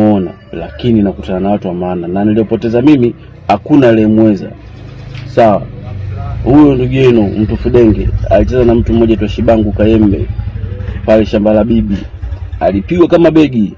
muona, lakini nakutana na watu wa maana na niliopoteza mimi hakuna aliyemweza. Sawa, huyo ndugu yenu mtu Fudenge alicheza na mtu mmoja tu Shibangu Kayembe pale shamba la bibi, alipigwa kama begi.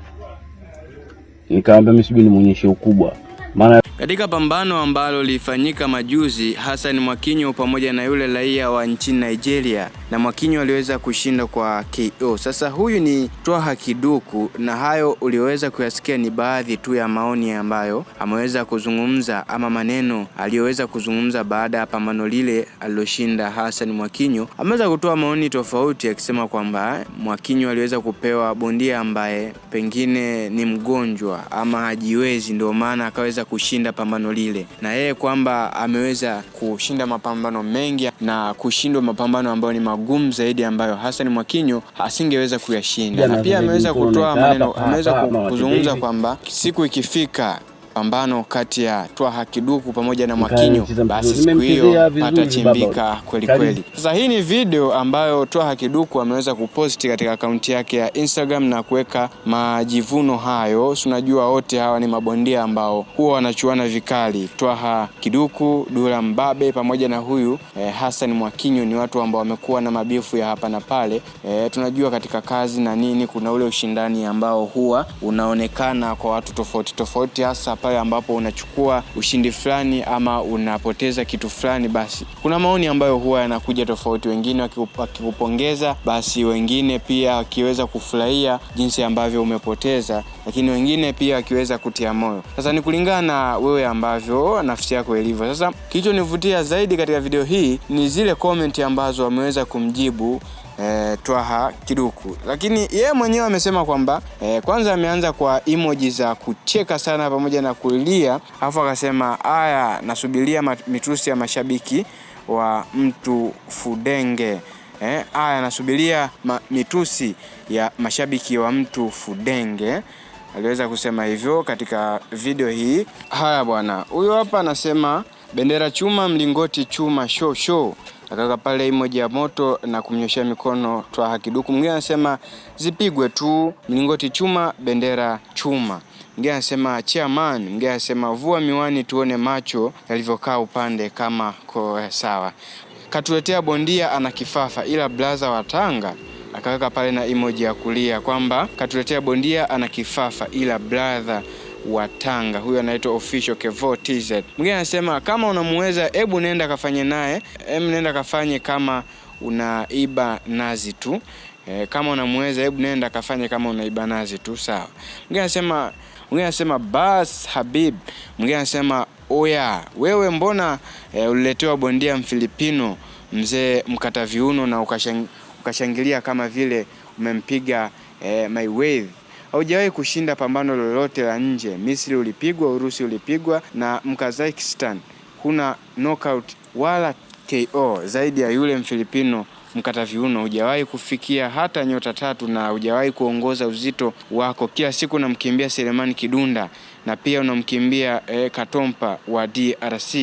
Nikamwambia mimi sijui nimwonyeshe ukubwa, maana katika pambano ambalo lilifanyika majuzi, Hassan Mwakinyo pamoja na yule raia wa nchini Nigeria na Mwakinyo aliweza kushinda kwa KO. Sasa huyu ni Twaha Kiduku, na hayo ulioweza kuyasikia ni baadhi tu ya maoni ambayo ameweza kuzungumza ama maneno aliyoweza kuzungumza baada ya pambano lile aliloshinda Hassan Mwakinyo. Ameweza kutoa maoni tofauti akisema kwamba Mwakinyo aliweza kupewa bondia ambaye pengine ni mgonjwa ama hajiwezi, ndio maana akaweza kushinda pambano lile, na yeye kwamba ameweza kushinda mapambano mengi na kushindwa mapambano ambayo ni magumu zaidi ambayo Hassan Mwakinyo asingeweza kuyashinda, na pia ameweza kutoa maneno, ameweza kuzungumza kwamba siku ikifika mapambano kati ya Twaha Kiduku pamoja na Mwakinyo, basi siku hiyo patachimbika kweli kweli. Sasa hii ni video ambayo Twaha Kiduku ameweza kuposti katika akaunti yake ya Instagram na kuweka majivuno hayo. Unajua wote hawa ni mabondia ambao huwa wanachuana vikali. Twaha Kiduku, Dula Mbabe pamoja na huyu eh, Hassan Mwakinyo ni watu ambao wamekuwa na mabifu ya hapa na pale. Eh, tunajua katika kazi na nini kuna ule ushindani ambao huwa unaonekana kwa watu tofauti tofauti hasa pale ambapo unachukua ushindi fulani ama unapoteza kitu fulani, basi kuna maoni ambayo huwa yanakuja tofauti, wengine wakikupongeza, basi wengine pia wakiweza kufurahia jinsi ambavyo umepoteza, lakini wengine pia wakiweza kutia moyo. Sasa ni kulingana na wewe ambavyo nafsi yako ilivyo. Sasa kilichonivutia zaidi katika video hii ni zile komenti ambazo wameweza kumjibu eh, Twaha Kiduku, lakini yeye mwenyewe amesema kwamba eh, kwanza ameanza kwa emoji za kucheka sana pamoja na kulia, alafu akasema aya, nasubiria mitusi ya mashabiki wa mtu Fudenge. E, aya, nasubiria mitusi ya mashabiki wa mtu Fudenge aliweza kusema hivyo katika video hii. Haya bwana, huyo hapa anasema bendera chuma, mlingoti chuma, show show akaweka pale emoji ya moto na kumnyoshea mikono Twaha Kiduku. Mwingine anasema zipigwe tu mlingoti chuma, bendera chuma. Mwingine anasema chairman, mwingine anasema vua miwani tuone macho yalivyokaa upande kama ko sawa. Katuletea bondia ana kifafa, ila blaza wa Tanga akaweka pale na emoji ya kulia kwamba katuletea bondia ana kifafa, ila brother wa Tanga, huyu anaitwa official Kevo TZ. Mwingine anasema kama unamuweza, hebu nenda kafanye naye, hebu nenda kafanye kama unaiba nazi tu e, kama unamweza, hebu nenda kafanye kama unaiba nazi tu, sawa. Mwingine anasema mwingine anasema bas Habib, mwingine anasema oya wewe, mbona e, uliletewa bondia Mfilipino mzee mkata viuno na ukashang, ukashangilia kama vile umempiga e, wave haujawahi kushinda pambano lolote la nje. Misri ulipigwa, Urusi ulipigwa na Mkazakistan, huna knockout wala KO zaidi ya yule Mfilipino mkata viuno. Hujawahi kufikia hata nyota tatu na hujawahi kuongoza uzito wako. Kila siku unamkimbia Selemani Kidunda na pia unamkimbia eh, Katompa wa DRC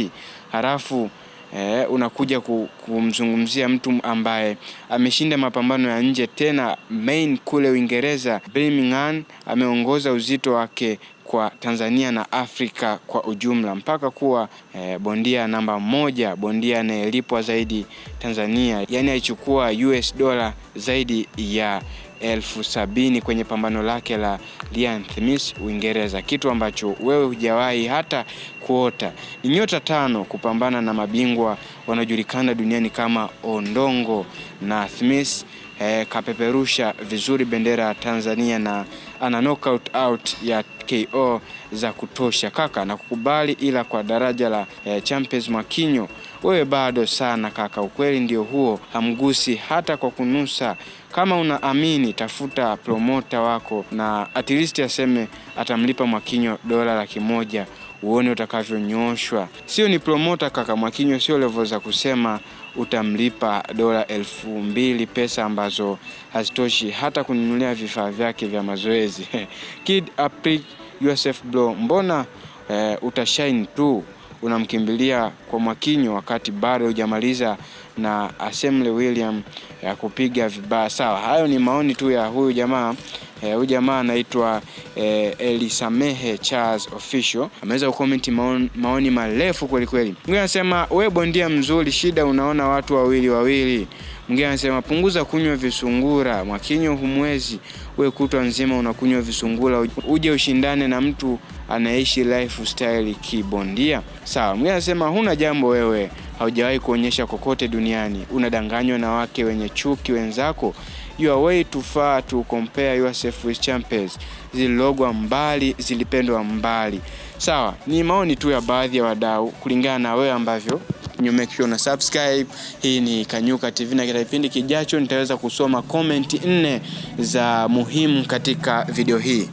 halafu eh, unakuja kumzungumzia mtu ambaye ameshinda mapambano ya nje tena main kule Uingereza Birmingham, ameongoza uzito wake kwa Tanzania na Afrika kwa ujumla mpaka kuwa e, bondia namba moja, bondia anayelipwa zaidi Tanzania, yaani alichukua US dola zaidi ya elfu sabini kwenye pambano lake la Ryan Smith Uingereza, kitu ambacho wewe hujawahi hata kuota. Ni nyota tano kupambana na mabingwa wanaojulikana duniani kama Ondongo na Smith e, kapeperusha vizuri bendera ya Tanzania na ana knockout out ya KO za kutosha kaka na kukubali, ila kwa daraja la e, Champions Makinyo wewe bado sana kaka, ukweli ndio huo, hamgusi hata kwa kunusa. Kama unaamini, tafuta promota wako na at least aseme atamlipa Mwakinyo dola laki moja uone utakavyonyoshwa. Sio ni promota kaka, Mwakinyo sio levo za kusema utamlipa dola elfu mbili pesa ambazo hazitoshi hata kununulia vifaa vyake vya mazoezi. Kid Applique yourself Blo, mbona eh, utashine tu unamkimbilia kwa Mwakinyo wakati bado hujamaliza na Assembly William ya kupiga vibaya sawa. Hayo ni maoni tu ya huyu jamaa Eh, huyu e, jamaa anaitwa e, Elisamehe Charles Official ameweza kukomenti maoni, maoni marefu kwelikweli. Mwingine anasema we bondia mzuri, shida unaona watu wawili wawili. Mwingine anasema punguza kunywa visungura, Mwakinyo humwezi we, kutwa nzima unakunywa visungura, uje ushindane na mtu anaishi lifestyle kibondia sawa. Mwingine anasema huna jambo wewe, haujawahi kuonyesha kokote duniani, unadanganywa na wake wenye chuki wenzako you are way too far to compare yourself with champions. Zililogwa mbali, zilipendwa mbali. Sawa, ni maoni tu ya baadhi ya wadau kulingana na wewe ambavyo you make sure subscribe. Hii ni Kanyuka TV, na kila kipindi kijacho nitaweza kusoma komenti nne za muhimu katika video hii.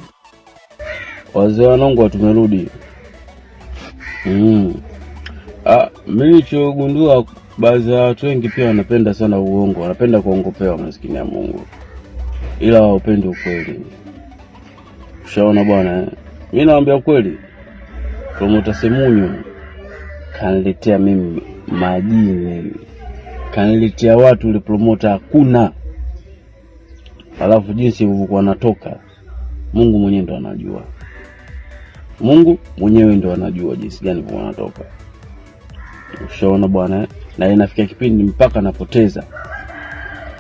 Wazee wanangu, tumerudi. Mm. Ah, mimi nilichogundua Baadhi ya watu wengi pia wanapenda sana uongo, wanapenda kuongopewa, maskini ya Mungu, ila hawapendi ukweli. Ushaona bwana, mi nawambia ukweli. Promota Semunyo kaniletea mimi majini, mimi kaniletea watu, ule promota hakuna. Alafu jinsi ilivyokuwa anatoka, Mungu mwenyewe ndo anajua, Mungu mwenyewe ndo anajua jinsi gani ilivyokuwa anatoka. Ushaona bwana, eh? na inafikia kipindi mpaka napoteza,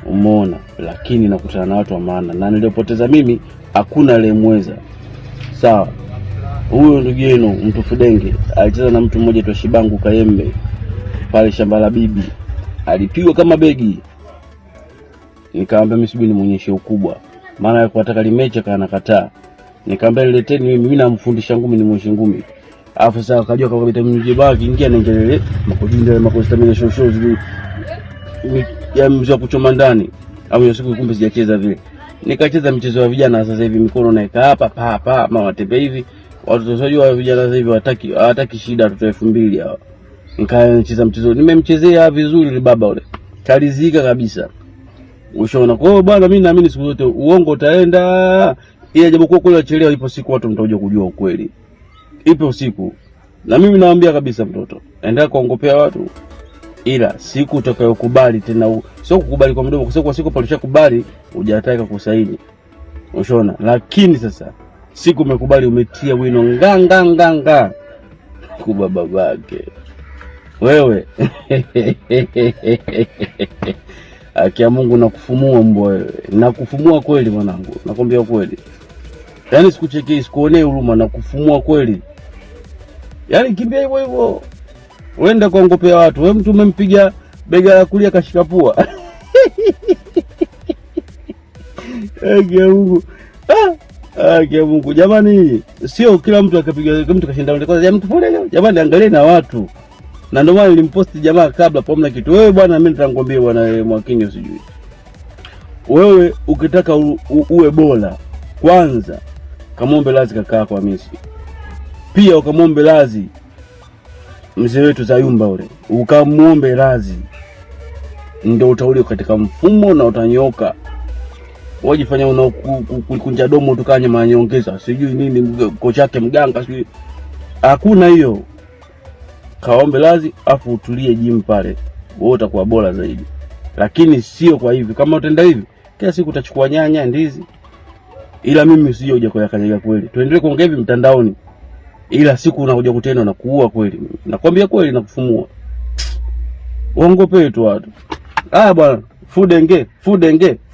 umeona. Lakini nakutana na watu wa maana, na niliopoteza mimi hakuna aliyemweza. Sawa, huyo ndugu yenu mtu Fudenge alicheza na mtu mmoja tu Shibangu Kayembe pale shamba la bibi, alipigwa kama begi. Nikamwambia mimi sijui nimwonyeshe ukubwa, maana alikuwa anataka limecha kana kataa. Nikamwambia nileteni mimi, mimi namfundisha ngumi, nimwonyeshe ngumi Alafu sasa akajua kama vitamini baa kingia na ngelele makojinda makostamina show zile ya mzee kuchoma ndani au ya siku kumbe sijacheza vile. Nikacheza michezo ya vijana sasa hivi mikono naika hapa pa pa ma watembe hivi. Watu Watoto sio vijana sasa hivi hawataki hawataki shida tu 2000 hawa. hao. Nikaa nicheza mchezo. Nimemchezea vizuri yule baba ule. Kalizika kabisa. Ushaona kwa hiyo bwana, mimi naamini siku zote uongo utaenda. Ile japokuwa kweli wachelewa, ipo siku watu mtakuja kujua ukweli ipo siku, na mimi naambia kabisa, mtoto endelea kuongopea watu, ila siku utakayokubali tena, sio kukubali kwa mdomo, kwa sababu kwa siku palishakubali hujataka kusaini, ushona. Lakini sasa siku umekubali, umetia wino nganga nganga kubaba babake wewe akia Mungu nakufumua mbwa wewe, nakufumua kweli mwanangu, nakwambia kweli, yaani sikuchekei, sikuonee huruma, nakufumua kweli. Yaani kimbia hivyo hivyo. Uende kuongopea watu. Wewe mtu umempiga bega la kulia kashika pua. Eh, ege Mungu. Ah, ah, ege Mungu. Jamani, sio kila mtu akapiga mtu kashinda ndio kwanza mtu pole. Jamani, angalia na watu. Na ndio maana nilimposti jamaa kabla pomna kitu. Wewe bwana, mimi nitakwambia bwana, wewe eh, Mwakinyo sijui. Wewe ukitaka u, u, uwe bora kwanza kamombe radhi kaka kwa Messi. Pia ukamwombe radhi mzee wetu Zayumba ule, ukamwombe radhi, ndio utauli katika mfumo na utanyoka. Wajifanya una kunja domo tukanye manyongeza sijui nini, kocha yake mganga sijui, hakuna hiyo. Kaombe radhi afu utulie jimu pale, wewe utakuwa bora zaidi, lakini sio kwa hivi. Kama utaenda hivi kila siku utachukua nyanya, ndizi, ila mimi usije uja kuyakanyaga kweli. Tuendelee kuongea hivi mtandaoni ila siku unakuja kutenda na kuua kweli, nakwambia kweli, nakufumua uongo petu watu. Ah bwana, fudenge fudenge